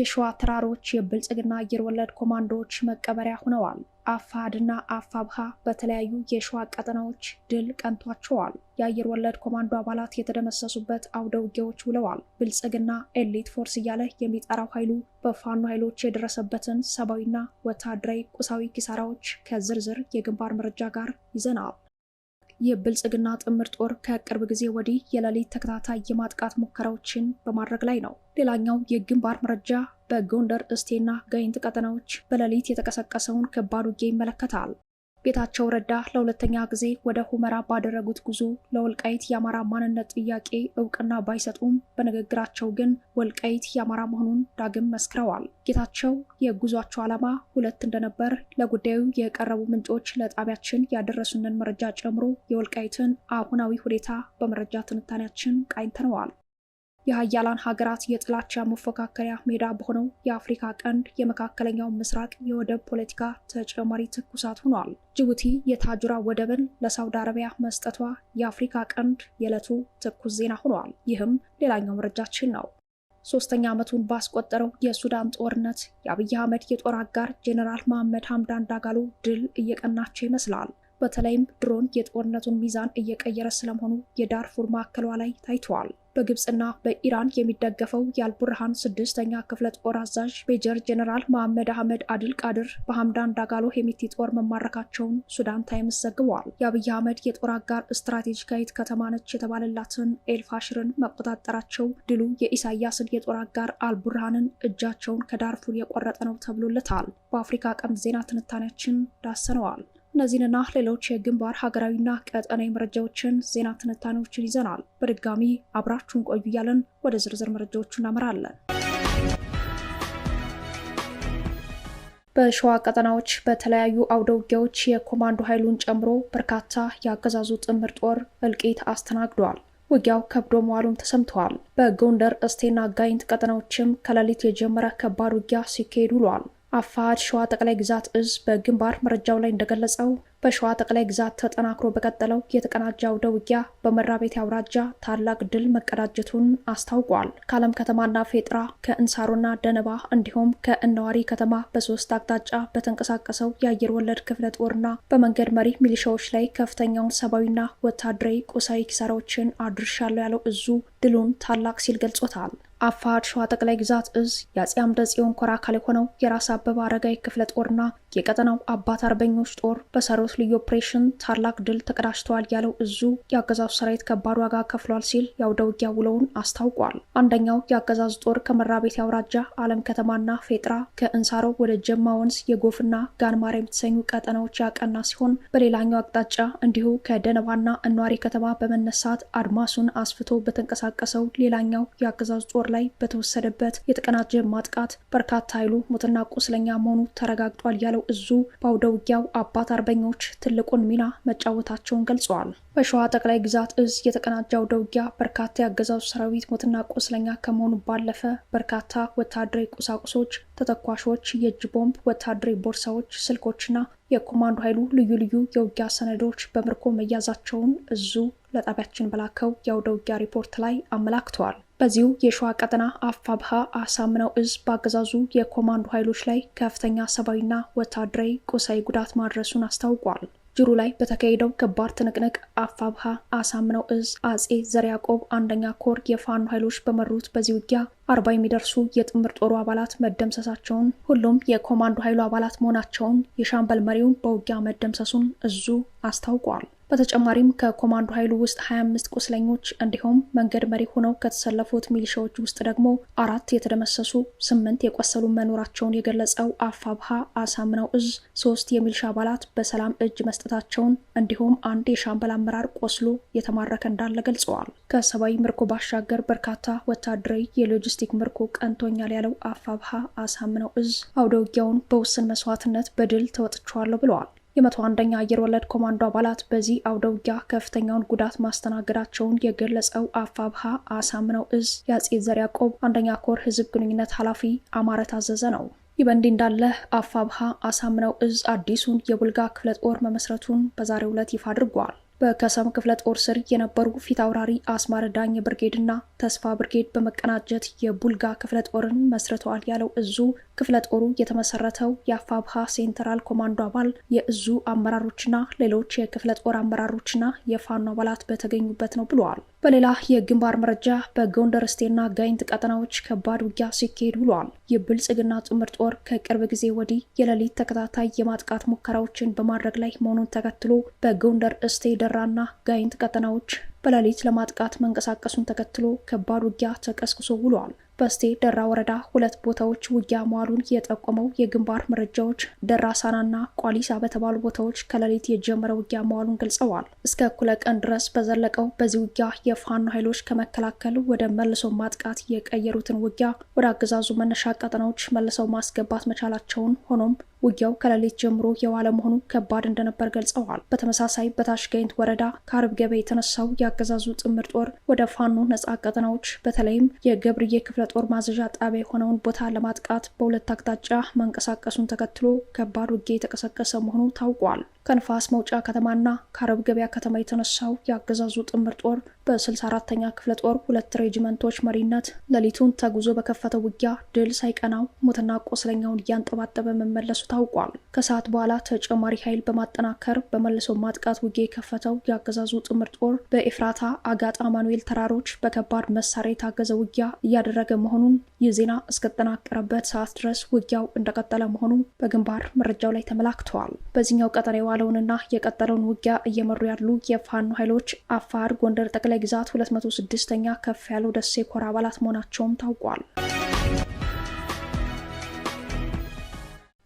የሸዋ ተራሮች የብልጽግና አየር ወለድ ኮማንዶዎች መቀበሪያ ሆነዋል። አፋድና አፋብሃ በተለያዩ የሸዋ ቀጠናዎች ድል ቀንቷቸዋል። የአየር ወለድ ኮማንዶ አባላት የተደመሰሱበት አውደ ውጊያዎች ውለዋል። ብልጽግና ኤሊት ፎርስ እያለ የሚጠራው ኃይሉ በፋኖ ኃይሎች የደረሰበትን ሰብአዊና ወታደራዊ ቁሳዊ ኪሳራዎች ከዝርዝር የግንባር መረጃ ጋር ይዘናል። የብልጽግና ጥምር ጦር ከቅርብ ጊዜ ወዲህ የሌሊት ተከታታይ የማጥቃት ሙከራዎችን በማድረግ ላይ ነው። ሌላኛው የግንባር መረጃ በጎንደር እስቴና ጋይንት ቀጠናዎች በሌሊት የተቀሰቀሰውን ከባድ ውጊያ ይመለከታል። ጌታቸው ረዳ ለሁለተኛ ጊዜ ወደ ሁመራ ባደረጉት ጉዞ ለወልቃይት የአማራ ማንነት ጥያቄ እውቅና ባይሰጡም በንግግራቸው ግን ወልቃይት የአማራ መሆኑን ዳግም መስክረዋል። ጌታቸው የጉዟቸው ዓላማ ሁለት እንደነበር ለጉዳዩ የቀረቡ ምንጮች ለጣቢያችን ያደረሱንን መረጃ ጨምሮ የወልቃይትን አሁናዊ ሁኔታ በመረጃ ትንታኔያችን ቃኝተነዋል። የሀያላን ሀገራት የጥላቻ መፎካከሪያ ሜዳ በሆነው የአፍሪካ ቀንድ የመካከለኛው ምስራቅ የወደብ ፖለቲካ ተጨማሪ ትኩሳት ሆኗል። ጅቡቲ የታጁራ ወደብን ለሳውዲ አረቢያ መስጠቷ የአፍሪካ ቀንድ የዕለቱ ትኩስ ዜና ሆኗል። ይህም ሌላኛው መረጃችን ነው። ሶስተኛ ዓመቱን ባስቆጠረው የሱዳን ጦርነት የአብይ አህመድ የጦር አጋር ጄኔራል መሐመድ ሀምዳን ዳጋሎ ድል እየቀናቸው ይመስላል። በተለይም ድሮን የጦርነቱን ሚዛን እየቀየረ ስለመሆኑ የዳርፉር ማዕከሏ ላይ ታይተዋል። በግብፅና በኢራን የሚደገፈው የአልቡርሃን ስድስተኛ ክፍለ ጦር አዛዥ ሜጀር ጀኔራል መሐመድ አህመድ አድል ቃድር በሐምዳን ዳጋሎ ሄሚቲ ጦር መማረካቸውን ሱዳን ታይምስ ዘግበዋል። የአብይ አህመድ የጦር አጋር ስትራቴጂካዊት ከተማ ነች የተባለላትን ኤልፋሽርን መቆጣጠራቸው ድሉ የኢሳያስን የጦር አጋር አልቡርሃንን እጃቸውን ከዳርፉር የቆረጠ ነው ተብሎለታል። በአፍሪካ ቀንድ ዜና ትንታኔያችን ዳሰነዋል። እነዚህንና ሌሎች የግንባር ሀገራዊና ቀጠናዊ መረጃዎችን፣ ዜና ትንታኔዎችን ይዘናል። በድጋሚ አብራችሁን ቆዩ እያለን ወደ ዝርዝር መረጃዎቹ እናመራለን። በሸዋ ቀጠናዎች በተለያዩ አውደ ውጊያዎች የኮማንዶ ኃይሉን ጨምሮ በርካታ የአገዛዙ ጥምር ጦር እልቂት አስተናግዷል። ውጊያው ከብዶ መዋሉም ተሰምተዋል። በጎንደር እስቴና ጋይንት ቀጠናዎችም ከሌሊት የጀመረ ከባድ ውጊያ ሲካሄድ ውሏል። አፋድ ሸዋ ጠቅላይ ግዛት እዝ በግንባር መረጃው ላይ እንደገለጸው በሸዋ ጠቅላይ ግዛት ተጠናክሮ በቀጠለው የተቀናጀ አውደ ውጊያ በመራቤቴ አውራጃ ታላቅ ድል መቀዳጀቱን አስታውቋል። ከአለም ከተማና ፌጥራ ከእንሳሮና ደነባ እንዲሁም ከእነዋሪ ከተማ በሶስት አቅጣጫ በተንቀሳቀሰው የአየር ወለድ ክፍለ ጦርና በመንገድ መሪ ሚሊሻዎች ላይ ከፍተኛውን ሰብአዊና ወታደራዊ ቁሳዊ ኪሳራዎችን አድርሻለሁ ያለው እዙ ድሉን ታላቅ ሲል ገልጾታል። አፋድ ሸዋ ጠቅላይ ግዛት እዝ የአጼ አምደ ጽዮን ኮር አካል የሆነው የራስ አበበ አረጋይ ክፍለ ጦርና የቀጠናው አባት አርበኞች ጦር በሰሩት ልዩ ኦፕሬሽን ታላቅ ድል ተቀዳጅተዋል ያለው እዙ የአገዛዙ ሰራዊት ከባድ ዋጋ ከፍሏል ሲል የአውደ ውጊያ ውሎውን አስታውቋል። አንደኛው የአገዛዙ ጦር ቤት አውራጃ አለም ከተማና ፌጥራ ከእንሳሮ ወደ ጀማ ወንዝ የጎፍና ጋንማር የተሰኙ ቀጠናዎች ያቀና ሲሆን በሌላኛው አቅጣጫ እንዲሁ ከደነባና እኗሪ ከተማ በመነሳት አድማሱን አስፍቶ በተንቀሳቀሰው ሌላኛው የአገዛዙ ጦር ወር ላይ በተወሰደበት የተቀናጀ ማጥቃት በርካታ ኃይሉ ሞትና ቁስለኛ መሆኑ ተረጋግጧል ያለው እዙ በአውደ ውጊያው አባት አርበኞች ትልቁን ሚና መጫወታቸውን ገልጸዋል። በሸዋ ጠቅላይ ግዛት እዝ የተቀናጀ አውደ ውጊያ በርካታ የአገዛዙ ሰራዊት ሞትና ቁስለኛ ከመሆኑ ባለፈ በርካታ ወታደራዊ ቁሳቁሶች፣ ተተኳሾች፣ የእጅ ቦምብ፣ ወታደራዊ ቦርሳዎች፣ ስልኮችና የኮማንዶ ኃይሉ ልዩ ልዩ የውጊያ ሰነዶች በምርኮ መያዛቸውን እዙ ለጣቢያችን በላከው የአውደ ውጊያ ሪፖርት ላይ አመላክተዋል። በዚሁ የሸዋ ቀጠና አፋብሃ አሳምነው እዝ በአገዛዙ የኮማንዶ ኃይሎች ላይ ከፍተኛ ሰብአዊና ወታደራዊ ቁሳዊ ጉዳት ማድረሱን አስታውቋል። ጅሩ ላይ በተካሄደው ከባድ ትንቅንቅ አፋብሃ አሳምነው እዝ አጼ ዘር ያቆብ አንደኛ ኮር የፋኖ ኃይሎች በመሩት በዚህ ውጊያ አርባ የሚደርሱ የጥምር ጦሩ አባላት መደምሰሳቸውን፣ ሁሉም የኮማንዶ ኃይሉ አባላት መሆናቸውን፣ የሻምበል መሪው በውጊያ መደምሰሱን እዙ አስታውቋል። በተጨማሪም ከኮማንዶ ኃይሉ ውስጥ 25 ቁስለኞች እንዲሁም መንገድ መሪ ሆነው ከተሰለፉት ሚሊሻዎች ውስጥ ደግሞ አራት የተደመሰሱ ስምንት የቆሰሉ መኖራቸውን የገለጸው አፋብሃ አሳምናው እዝ ሶስት የሚሊሻ አባላት በሰላም እጅ መስጠታቸውን እንዲሁም አንድ የሻምበል አመራር ቆስሎ የተማረከ እንዳለ ገልጸዋል። ከሰብአዊ ምርኮ ባሻገር በርካታ ወታደራዊ የሎጂስቲክ ምርኮ ቀንቶኛል ያለው አፋብሃ አሳምናው እዝ አውደውጊያውን በውስን መስዋዕትነት በድል ተወጥቸዋለሁ ብለዋል። የመቶ አንደኛ አየር ወለድ ኮማንዶ አባላት በዚህ አውደውጊያ ከፍተኛውን ጉዳት ማስተናገዳቸውን የገለጸው አፋብሃ አሳምነው እዝ የአጼ ዘር ያዕቆብ አንደኛ ኮር ህዝብ ግንኙነት ኃላፊ አማረ ታዘዘ ነው። ይህ በእንዲህ እንዳለ አፋብሃ አሳምነው እዝ አዲሱን የቡልጋ ክፍለ ጦር መመስረቱን በዛሬው ዕለት ይፋ አድርጓል። በከሰም ክፍለ ጦር ስር የነበሩ ፊት አውራሪ አስማረ ዳኝ ብርጌድና ተስፋ ብርጌድ በመቀናጀት የቡልጋ ክፍለ ጦርን መስርተዋል ያለው እዙ ክፍለ ጦሩ የተመሰረተው የአፋብሃ ሴንትራል ኮማንዶ አባል የእዙ አመራሮችና ሌሎች የክፍለ ጦር አመራሮችና የፋኖ አባላት በተገኙበት ነው ብለዋል። በሌላ የግንባር መረጃ በጎንደር ስቴና ጋይንት ቀጠናዎች ከባድ ውጊያ ሲካሄድ ብለዋል። የብልጽግና ጥምር ጦር ከቅርብ ጊዜ ወዲህ የሌሊት ተከታታይ የማጥቃት ሙከራዎችን በማድረግ ላይ መሆኑን ተከትሎ በጎንደር እስቴ ደራና ጋይንት ቀጠናዎች በሌሊት ለማጥቃት መንቀሳቀሱን ተከትሎ ከባድ ውጊያ ተቀስቅሶ ውሏል። በስቴ ደራ ወረዳ ሁለት ቦታዎች ውጊያ መዋሉን የጠቆመው የግንባር መረጃዎች ደራ ሳናና ቋሊሳ በተባሉ ቦታዎች ከሌሊት የጀመረ ውጊያ መዋሉን ገልጸዋል። እስከ እኩለ ቀን ድረስ በዘለቀው በዚህ ውጊያ የፋኖ ኃይሎች ከመከላከል ወደ መልሶ ማጥቃት የቀየሩትን ውጊያ ወደ አገዛዙ መነሻ ቀጠናዎች መልሰው ማስገባት መቻላቸውን ሆኖም ውጊያው ከሌሊት ጀምሮ የዋለ መሆኑ ከባድ እንደነበር ገልጸዋል። በተመሳሳይ በታች ጋይንት ወረዳ ከአርብ ገበያ የተነሳው የአገዛዙ ጥምር ጦር ወደ ፋኖ ነጻ ቀጠናዎች በተለይም የገብርዬ ክፍለ የጦር ማዘዣ ጣቢያ የሆነውን ቦታ ለማጥቃት በሁለት አቅጣጫ መንቀሳቀሱን ተከትሎ ከባድ ውጊያ የተቀሰቀሰ መሆኑ ታውቋል። ከንፋስ መውጫ ከተማና ከአረብ ገበያ ከተማ የተነሳው የአገዛዙ ጥምር ጦር በ64ተኛ ክፍለ ጦር ሁለት ሬጅመንቶች መሪነት ሌሊቱን ተጉዞ በከፈተው ውጊያ ድል ሳይቀናው ሙትና ቆስለኛውን እያንጠባጠበ መመለሱ ታውቋል። ከሰዓት በኋላ ተጨማሪ ኃይል በማጠናከር በመልሶ ማጥቃት ውጊያ የከፈተው የአገዛዙ ጥምር ጦር በኤፍራታ አጋጣ ማኑኤል ተራሮች በከባድ መሳሪያ የታገዘ ውጊያ እያደረገ መሆኑን ይህ ዜና እስከጠናቀረበት ሰዓት ድረስ ውጊያው እንደቀጠለ መሆኑ በግንባር መረጃው ላይ ተመላክተዋል። በዚህኛው ቀጠና የዋለውንና የቀጠለውን ውጊያ እየመሩ ያሉ የፋኖ ኃይሎች አፋር፣ ጎንደር ጠቅላይ ክፍለ ግዛት 206ኛ ከፍ ያለው ደሴ ኮር አባላት መሆናቸውም ታውቋል።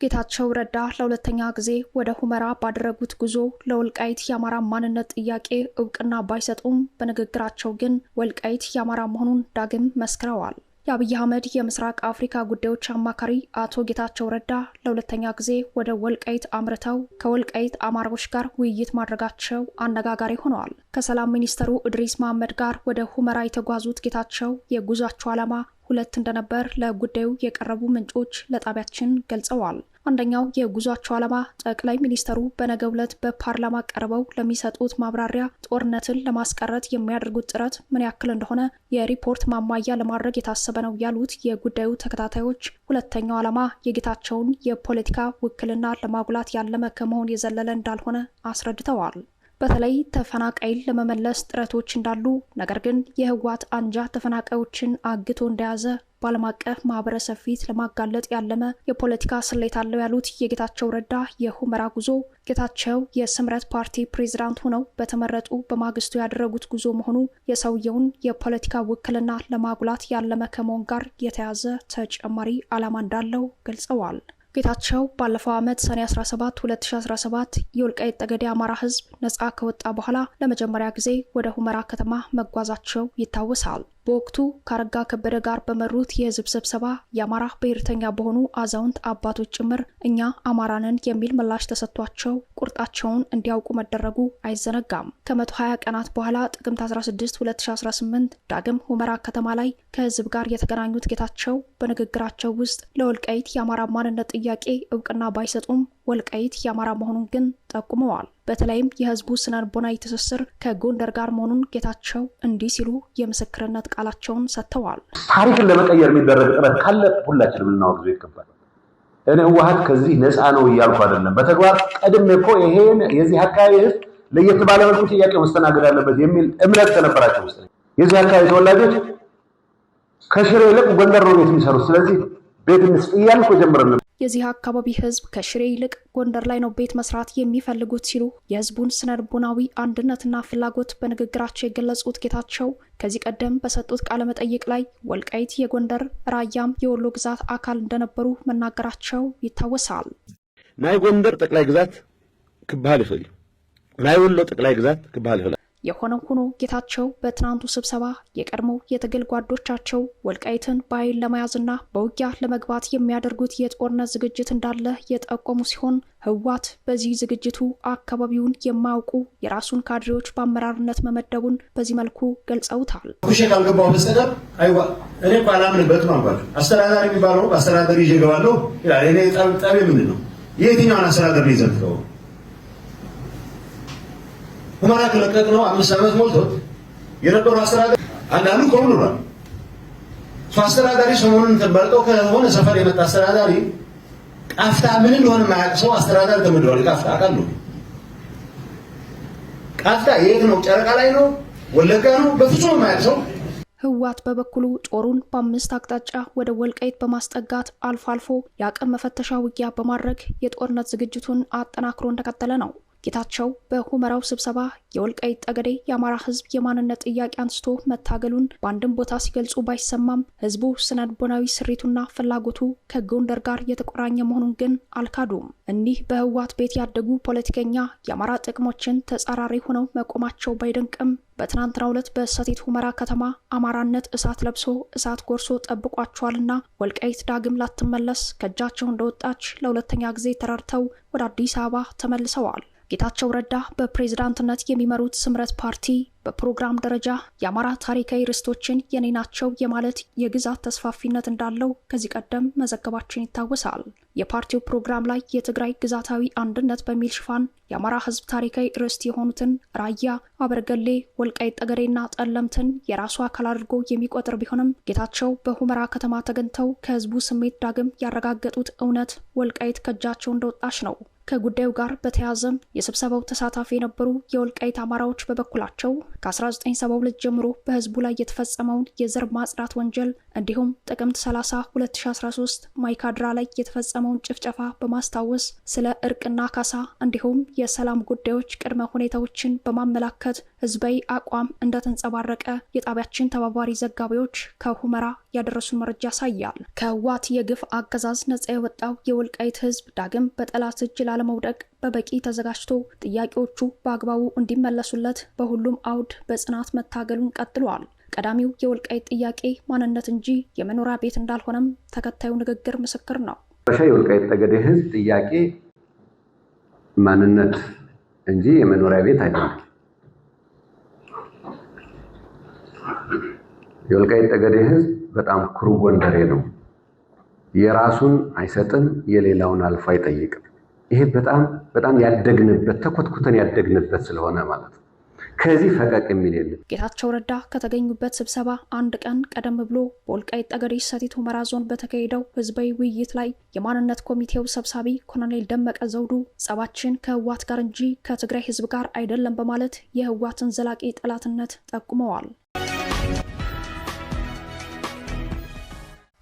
ጌታቸው ረዳ ለሁለተኛ ጊዜ ወደ ሁመራ ባደረጉት ጉዞ ለወልቃይት የአማራ ማንነት ጥያቄ እውቅና ባይሰጡም በንግግራቸው ግን ወልቃይት የአማራ መሆኑን ዳግም መስክረዋል። የአብይ አህመድ የምስራቅ አፍሪካ ጉዳዮች አማካሪ አቶ ጌታቸው ረዳ ለሁለተኛ ጊዜ ወደ ወልቀይት አምርተው ከወልቀይት አማራዎች ጋር ውይይት ማድረጋቸው አነጋጋሪ ሆነዋል። ከሰላም ሚኒስተሩ እድሪስ መሐመድ ጋር ወደ ሁመራ የተጓዙት ጌታቸው የጉዟቸው ዓላማ ሁለት እንደነበር ለጉዳዩ የቀረቡ ምንጮች ለጣቢያችን ገልጸዋል። አንደኛው የጉዟቸው ዓላማ ጠቅላይ ሚኒስተሩ በነገ ዕለት በፓርላማ ቀርበው ለሚሰጡት ማብራሪያ ጦርነትን ለማስቀረት የሚያደርጉት ጥረት ምን ያክል እንደሆነ የሪፖርት ማሟያ ለማድረግ የታሰበ ነው ያሉት የጉዳዩ ተከታታዮች፣ ሁለተኛው ዓላማ የጌታቸውን የፖለቲካ ውክልና ለማጉላት ያለመ ከመሆን የዘለለ እንዳልሆነ አስረድተዋል። በተለይ ተፈናቃይን ለመመለስ ጥረቶች እንዳሉ ነገር ግን የህወሓት አንጃ ተፈናቃዮችን አግቶ እንደያዘ በዓለም አቀፍ ማህበረሰብ ፊት ለማጋለጥ ያለመ የፖለቲካ ስሌት አለው ያሉት የጌታቸው ረዳ የሁመራ ጉዞ ጌታቸው የስምረት ፓርቲ ፕሬዚዳንት ሆነው በተመረጡ በማግስቱ ያደረጉት ጉዞ መሆኑ የሰውየውን የፖለቲካ ውክልና ለማጉላት ያለመ ከመሆን ጋር የተያዘ ተጨማሪ ዓላማ እንዳለው ገልጸዋል። ጌታቸው ባለፈው ዓመት ሰኔ 17 2017 የወልቃይት ጠገዴ አማራ ሕዝብ ነጻ ከወጣ በኋላ ለመጀመሪያ ጊዜ ወደ ሁመራ ከተማ መጓዛቸው ይታወሳል። በወቅቱ ከአረጋ ከበደ ጋር በመሩት የህዝብ ስብሰባ የአማራ ብሔርተኛ በሆኑ አዛውንት አባቶች ጭምር እኛ አማራንን የሚል ምላሽ ተሰጥቷቸው ቁርጣቸውን እንዲያውቁ መደረጉ አይዘነጋም። ከመቶ ሀያ ቀናት በኋላ ጥቅምት 16 2018 ዳግም ሁመራ ከተማ ላይ ከህዝብ ጋር የተገናኙት ጌታቸው በንግግራቸው ውስጥ ለወልቃይት የአማራ ማንነት ጥያቄ እውቅና ባይሰጡም ወልቃይት የአማራ መሆኑን ግን ጠቁመዋል። በተለይም የህዝቡ ስነልቦናዊ ትስስር ከጎንደር ጋር መሆኑን ጌታቸው እንዲህ ሲሉ የምስክርነት ቃላቸውን ሰጥተዋል። ታሪክን ለመቀየር የሚደረግ ጥረት ካለ ሁላችንም ልናወግዙ ይገባል። እኔ ህወሓት ከዚህ ነፃ ነው እያልኩ አይደለም። በተግባር ቀድሜ እኮ ይሄን የዚህ አካባቢ ህዝብ ለየት ባለ መልኩ ጥያቄ መስተናገድ አለበት የሚል እምነት ከነበራቸው ውስጥ የዚህ አካባቢ ተወላጆች ከሽሬ ይልቅ ጎንደር ነው ቤት የሚሰሩት። ስለዚህ ቤት እንስጥ እያልኩ ጀምረን የዚህ አካባቢ ህዝብ ከሽሬ ይልቅ ጎንደር ላይ ነው ቤት መስራት የሚፈልጉት ሲሉ የህዝቡን ስነ ልቦናዊ አንድነትና ፍላጎት በንግግራቸው የገለጹት ጌታቸው ከዚህ ቀደም በሰጡት ቃለ መጠይቅ ላይ ወልቃይት የጎንደር ራያም የወሎ ግዛት አካል እንደነበሩ መናገራቸው ይታወሳል። ናይ ጎንደር ጠቅላይ ግዛት ክበሃል ይኽእል እዩ ናይ ወሎ ጠቅላይ ግዛት ክበሃል ይኽእል የሆነው ሆኖ ጌታቸው በትናንቱ ስብሰባ የቀድሞ የትግል ጓዶቻቸው ወልቃይትን በኃይል ለመያዝና በውጊያ ለመግባት የሚያደርጉት የጦርነት ዝግጅት እንዳለ የጠቆሙ ሲሆን ህዋት በዚህ ዝግጅቱ አካባቢውን የማያውቁ የራሱን ካድሬዎች በአመራርነት መመደቡን በዚህ መልኩ ገልጸውታል። ሽ አልገባው በስተቀር አይዋ እኔ እኮ አላምንበት አልኳቸው። አስተዳዳሪ የሚባለው አስተዳደር ይዤ እገባለሁ ይላል። እኔ ጠቤ ምንድን ነው? የትኛውን አስተዳደር ነው የዘንትከው ሁመራ ከለቀቅ ነው አምስት ዓመት ሞልቶት የነበሩ አስተዳደር አንዳንዱ ከሁሉ ነው። እሱ አስተዳዳሪ ሰሞኑን ተበልቀው ከሆነ ሰፈር የመጣ አስተዳዳሪ ቃፍታ ምን እንደሆነ የማያውቅ ሰው አስተዳዳሪ ተመድሯል። ቃፍታ አቃሉ ቃፍታ የት ነው? ጨረቃ ላይ ነው? ወለጋ ነው? በፍጹም የማያውቅ ሰው ህወሓት በበኩሉ ጦሩን በአምስት አቅጣጫ ወደ ወልቃይት በማስጠጋት አልፎ አልፎ የአቅም መፈተሻ ውጊያ በማድረግ የጦርነት ዝግጅቱን አጠናክሮ እንደቀጠለ ነው። ጌታቸው በሁመራው ስብሰባ የወልቃይት ጠገዴ የአማራ ሕዝብ የማንነት ጥያቄ አንስቶ መታገሉን በአንድም ቦታ ሲገልጹ ባይሰማም ሕዝቡ ስነልቦናዊ ስሪቱና ፍላጎቱ ከጎንደር ጋር የተቆራኘ መሆኑን ግን አልካዱም። እኒህ በህወሓት ቤት ያደጉ ፖለቲከኛ የአማራ ጥቅሞችን ተጻራሪ ሆነው መቆማቸው ባይደንቅም በትናንትናው ዕለት በሰቲት ሁመራ ከተማ አማራነት እሳት ለብሶ እሳት ጎርሶ ጠብቋቸዋልና ወልቃይት ዳግም ላትመለስ ከእጃቸው እንደወጣች ለሁለተኛ ጊዜ ተረድተው ወደ አዲስ አበባ ተመልሰዋል። ጌታቸው ረዳ በፕሬዝዳንትነት የሚመሩት ስምረት ፓርቲ በፕሮግራም ደረጃ የአማራ ታሪካዊ ርስቶችን የኔ ናቸው የማለት የግዛት ተስፋፊነት እንዳለው ከዚህ ቀደም መዘገባችን ይታወሳል። የፓርቲው ፕሮግራም ላይ የትግራይ ግዛታዊ አንድነት በሚል ሽፋን የአማራ ሕዝብ ታሪካዊ ርስት የሆኑትን ራያ፣ አበርገሌ፣ ወልቃይ ጠገዴና ጠለምትን የራሱ አካል አድርጎ የሚቆጥር ቢሆንም ጌታቸው በሁመራ ከተማ ተገኝተው ከህዝቡ ስሜት ዳግም ያረጋገጡት እውነት ወልቃይት ከእጃቸው እንደወጣች ነው። ከጉዳዩ ጋር በተያያዘም የስብሰባው ተሳታፊ የነበሩ የወልቃይት አማራዎች በበኩላቸው ከ1972 ጀምሮ በህዝቡ ላይ የተፈጸመውን የዘር ማጽዳት ወንጀል እንዲሁም ጥቅምት 30 2013 ማይካድራ ላይ የተፈጸመውን ጭፍጨፋ በማስታወስ ስለ እርቅና ካሳ እንዲሁም የሰላም ጉዳዮች ቅድመ ሁኔታዎችን በማመላከት ህዝባዊ አቋም እንደተንጸባረቀ የጣቢያችን ተባባሪ ዘጋቢዎች ከሁመራ ያደረሱን መረጃ ያሳያል። ከዋት የግፍ አገዛዝ ነጻ የወጣው የወልቃይት ህዝብ ዳግም በጠላት እጅ ላለመውደቅ በበቂ ተዘጋጅቶ ጥያቄዎቹ በአግባቡ እንዲመለሱለት በሁሉም አውድ በጽናት መታገሉን ቀጥሏል። ቀዳሚው የወልቃይት ጥያቄ ማንነት እንጂ የመኖሪያ ቤት እንዳልሆነም ተከታዩ ንግግር ምስክር ነው። ሻ የወልቃይት ጠገዴ ህዝብ ጥያቄ ማንነት እንጂ የመኖሪያ ቤት አይደለም። የወልቃይት ጠገዴ ህዝብ በጣም ኩሩ ጎንደሬ ነው። የራሱን አይሰጥም፣ የሌላውን አልፎ አይጠይቅም። ይሄ በጣም በጣም ያደግንበት ተኮትኩተን ያደግንበት ስለሆነ ማለት ነው። ከዚህ ፈቀቅ የሚል የለም። ጌታቸው ረዳ ከተገኙበት ስብሰባ አንድ ቀን ቀደም ብሎ በወልቃይት ጠገዴ ሰቲት ሁመራ ዞን በተካሄደው ህዝባዊ ውይይት ላይ የማንነት ኮሚቴው ሰብሳቢ ኮሎኔል ደመቀ ዘውዱ ጸባችን ከህዋት ጋር እንጂ ከትግራይ ህዝብ ጋር አይደለም በማለት የህዋትን ዘላቂ ጠላትነት ጠቁመዋል።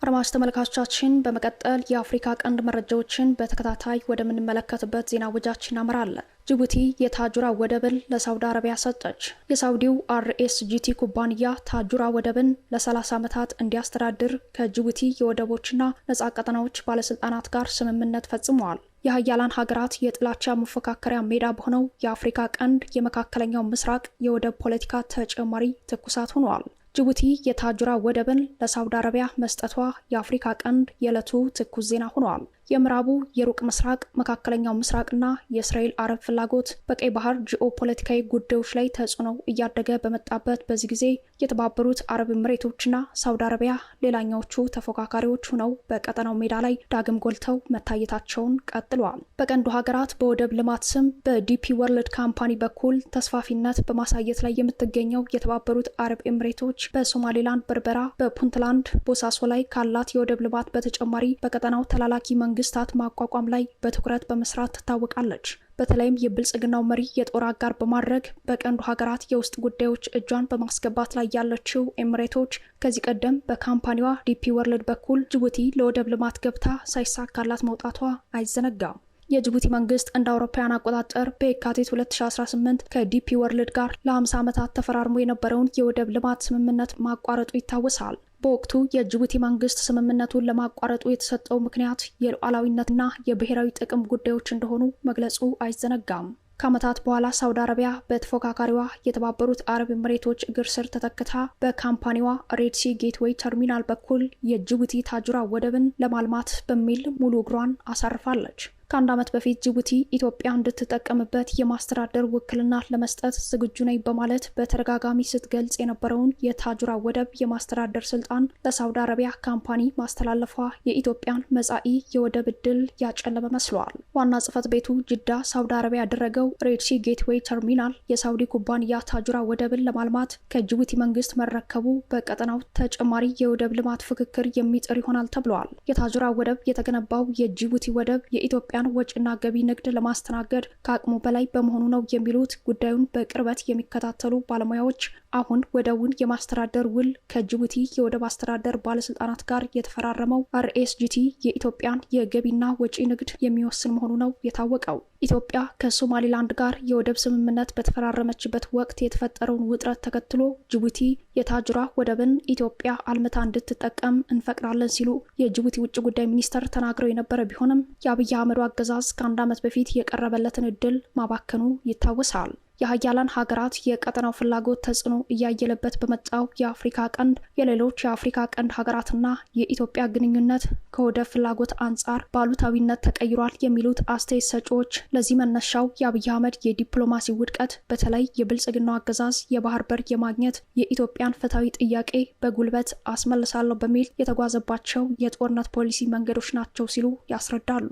አድማጭ ተመልካቾቻችን በመቀጠል የአፍሪካ ቀንድ መረጃዎችን በተከታታይ ወደምንመለከትበት ዜና ወጃችን እናመራለን። ጅቡቲ የታጁራ ወደብን ለሳውዲ አረቢያ ሰጠች። የሳውዲው አርኤስጂቲ ኩባንያ ታጁራ ወደብን ለ30 ዓመታት እንዲያስተዳድር ከጅቡቲ የወደቦችና ነጻ ቀጠናዎች ባለስልጣናት ጋር ስምምነት ፈጽመዋል። የሀያላን ሀገራት የጥላቻ መፎካከሪያ ሜዳ በሆነው የአፍሪካ ቀንድ የመካከለኛው ምስራቅ የወደብ ፖለቲካ ተጨማሪ ትኩሳት ሆኗል። ጅቡቲ የታጅራ ወደብን ለሳውዲ አረቢያ መስጠቷ የአፍሪካ ቀንድ የዕለቱ ትኩስ ዜና ሆኗል። የምዕራቡ የሩቅ ምስራቅ፣ መካከለኛው ምስራቅና የእስራኤል አረብ ፍላጎት በቀይ ባህር ጂኦ ፖለቲካዊ ጉዳዮች ላይ ተጽዕኖ እያደገ በመጣበት በዚህ ጊዜ የተባበሩት አረብ ኤምሬቶችና ሳውዲ አረቢያ ሌላኛዎቹ ተፎካካሪዎች ሆነው በቀጠናው ሜዳ ላይ ዳግም ጎልተው መታየታቸውን ቀጥለዋል። በቀንዱ ሀገራት በወደብ ልማት ስም በዲፒ ወርልድ ካምፓኒ በኩል ተስፋፊነት በማሳየት ላይ የምትገኘው የተባበሩት አረብ ኤምሬቶች በሶማሌላንድ በርበራ፣ በፑንትላንድ ቦሳሶ ላይ ካላት የወደብ ልማት በተጨማሪ በቀጠናው ተላላኪ መንገድ መንግስታት ማቋቋም ላይ በትኩረት በመስራት ትታወቃለች። በተለይም የብልጽግናው መሪ የጦር አጋር በማድረግ በቀንዱ ሀገራት የውስጥ ጉዳዮች እጇን በማስገባት ላይ ያለችው ኤምሬቶች ከዚህ ቀደም በካምፓኒዋ ዲፒ ወርልድ በኩል ጅቡቲ ለወደብ ልማት ገብታ ሳይሳካላት መውጣቷ አይዘነጋም። የጅቡቲ መንግስት እንደ አውሮፓውያን አቆጣጠር በየካቲት 2018 ከዲፒ ወርልድ ጋር ለ50 ዓመታት ተፈራርሞ የነበረውን የወደብ ልማት ስምምነት ማቋረጡ ይታወሳል። በወቅቱ የጅቡቲ መንግስት ስምምነቱን ለማቋረጡ የተሰጠው ምክንያት የሉዓላዊነትና የብሔራዊ ጥቅም ጉዳዮች እንደሆኑ መግለጹ አይዘነጋም። ከዓመታት በኋላ ሳውዲ አረቢያ በተፎካካሪዋ የተባበሩት አረብ ኤምሬቶች እግር ስር ተተክታ በካምፓኒዋ ሬድሲ ጌትዌይ ተርሚናል በኩል የጅቡቲ ታጁራ ወደብን ለማልማት በሚል ሙሉ እግሯን አሳርፋለች። ከአንድ ዓመት በፊት ጅቡቲ ኢትዮጵያ እንድትጠቀምበት የማስተዳደር ውክልና ለመስጠት ዝግጁ ነኝ በማለት በተደጋጋሚ ስትገልጽ የነበረውን የታጁራ ወደብ የማስተዳደር ስልጣን ለሳውዲ አረቢያ ካምፓኒ ማስተላለፏ የኢትዮጵያን መጻኢ የወደብ ዕድል ያጨለመ መስሏል። ዋና ጽህፈት ቤቱ ጅዳ፣ ሳውዲ አረቢያ ያደረገው ሬድሲ ጌትዌይ ተርሚናል የሳውዲ ኩባንያ ታጁራ ወደብን ለማልማት ከጅቡቲ መንግስት መረከቡ በቀጠናው ተጨማሪ የወደብ ልማት ፍክክር የሚጥር ይሆናል ተብሏል። የታጁራ ወደብ የተገነባው የጅቡቲ ወደብ የኢትዮጵያ የኢትዮጵያን ወጪና ገቢ ንግድ ለማስተናገድ ከአቅሙ በላይ በመሆኑ ነው የሚሉት ጉዳዩን በቅርበት የሚከታተሉ ባለሙያዎች አሁን ወደቡን የማስተዳደር ውል ከጅቡቲ የወደብ አስተዳደር ባለስልጣናት ጋር የተፈራረመው አርኤስጂቲ የኢትዮጵያን የገቢና ወጪ ንግድ የሚወስን መሆኑ ነው የታወቀው። ኢትዮጵያ ከሶማሊላንድ ጋር የወደብ ስምምነት በተፈራረመችበት ወቅት የተፈጠረውን ውጥረት ተከትሎ ጅቡቲ የታጅራ ወደብን ኢትዮጵያ አልምታ እንድትጠቀም እንፈቅዳለን ሲሉ የጅቡቲ ውጭ ጉዳይ ሚኒስተር ተናግረው የነበረ ቢሆንም የአብይ አህመዱ አገዛዝ ከአንድ ዓመት በፊት የቀረበለትን እድል ማባከኑ ይታወሳል። የሀያላን ሀገራት የቀጠናው ፍላጎት ተጽዕኖ እያየለበት በመጣው የአፍሪካ ቀንድ የሌሎች የአፍሪካ ቀንድ ሀገራትና የኢትዮጵያ ግንኙነት ከወደ ፍላጎት አንጻር ባሉታዊነት ተቀይሯል የሚሉት አስተያየት ሰጪዎች ለዚህ መነሻው የአብይ አህመድ የዲፕሎማሲ ውድቀት በተለይ የብልጽግናው አገዛዝ የባህር በር የማግኘት የኢትዮጵያን ፍትሐዊ ጥያቄ በጉልበት አስመልሳለሁ በሚል የተጓዘባቸው የጦርነት ፖሊሲ መንገዶች ናቸው ሲሉ ያስረዳሉ።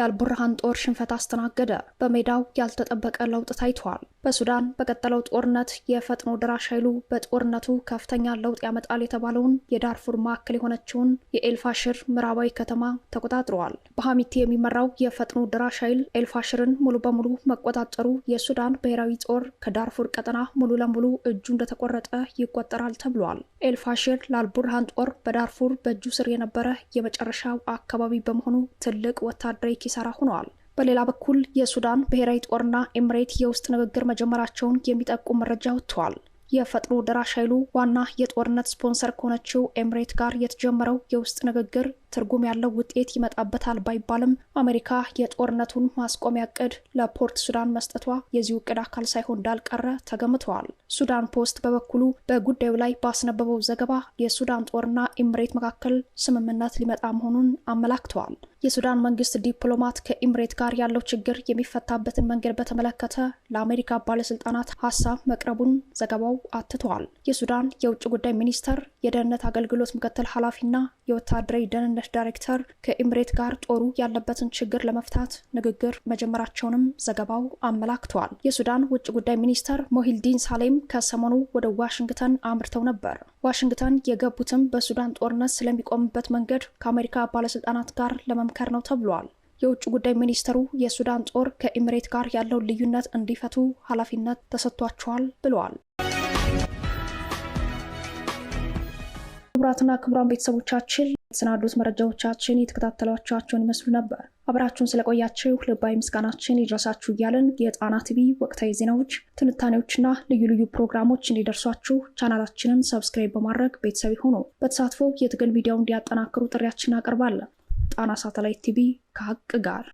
የአልቡርሃን ጦር ሽንፈት አስተናገደ። በሜዳው ያልተጠበቀ ለውጥ ታይቷል። በሱዳን በቀጠለው ጦርነት የፈጥኖ ደራሽ ኃይሉ በጦርነቱ ከፍተኛ ለውጥ ያመጣል የተባለውን የዳርፉር ማዕከል የሆነችውን የኤልፋሽር ምዕራባዊ ከተማ ተቆጣጥረዋል። በሐሚቲ የሚመራው የፈጥኖ ደራሽ ኃይል ኤልፋሽርን ሙሉ በሙሉ መቆጣጠሩ የሱዳን ብሔራዊ ጦር ከዳርፉር ቀጠና ሙሉ ለሙሉ እጁ እንደተቆረጠ ይቆጠራል ተብሏል። ኤልፋሽር ለአልቡርሃን ጦር በዳርፉር በእጁ ስር የነበረ የመጨረሻው አካባቢ በመሆኑ ትልቅ ወታደራዊ ሲሰራ ሆነዋል። በሌላ በኩል የሱዳን ብሔራዊ ጦርና ኤምሬት የውስጥ ንግግር መጀመራቸውን የሚጠቁም መረጃ ወጥተዋል። የፈጥኖ ደራሽ ኃይሉ ዋና የጦርነት ስፖንሰር ከሆነችው ኤምሬት ጋር የተጀመረው የውስጥ ንግግር ትርጉም ያለው ውጤት ይመጣበታል ባይባልም አሜሪካ የጦርነቱን ማስቆሚያ እቅድ ለፖርት ሱዳን መስጠቷ የዚህ እቅድ አካል ሳይሆን እንዳልቀረ ተገምተዋል። ሱዳን ፖስት በበኩሉ በጉዳዩ ላይ ባስነበበው ዘገባ የሱዳን ጦርና ኢምሬት መካከል ስምምነት ሊመጣ መሆኑን አመላክተዋል። የሱዳን መንግስት ዲፕሎማት ከኢምሬት ጋር ያለው ችግር የሚፈታበትን መንገድ በተመለከተ ለአሜሪካ ባለስልጣናት ሀሳብ መቅረቡን ዘገባው አትተዋል። የሱዳን የውጭ ጉዳይ ሚኒስተር የደህንነት አገልግሎት ምክትል ኃላፊና የወታደራዊ ደህንነት የበላይነሽ ዳይሬክተር ከኢምሬት ጋር ጦሩ ያለበትን ችግር ለመፍታት ንግግር መጀመራቸውንም ዘገባው አመላክተዋል። የሱዳን ውጭ ጉዳይ ሚኒስተር ሞሂልዲን ሳሌም ከሰሞኑ ወደ ዋሽንግተን አምርተው ነበር። ዋሽንግተን የገቡትም በሱዳን ጦርነት ስለሚቆምበት መንገድ ከአሜሪካ ባለስልጣናት ጋር ለመምከር ነው ተብሏል። የውጭ ጉዳይ ሚኒስተሩ የሱዳን ጦር ከኢምሬት ጋር ያለውን ልዩነት እንዲፈቱ ኃላፊነት ተሰጥቷቸዋል ብለዋል። ክቡራትና ክቡራን ቤተሰቦቻችን የተሰናዱት መረጃዎቻችን የተከታተሏቸውን ይመስሉ ነበር። አብራችሁን ስለቆያችሁ ልባዊ ምስጋናችን ይድረሳችሁ እያለን የጣና ቲቪ ወቅታዊ ዜናዎች፣ ትንታኔዎችና ልዩ ልዩ ፕሮግራሞች እንዲደርሷችሁ ቻናላችንን ሰብስክራይብ በማድረግ ቤተሰብ ሆኖ በተሳትፎ የትግል ሚዲያው እንዲያጠናክሩ ጥሪያችን አቀርባለን። ጣና ሳተላይት ቲቪ ከሀቅ ጋር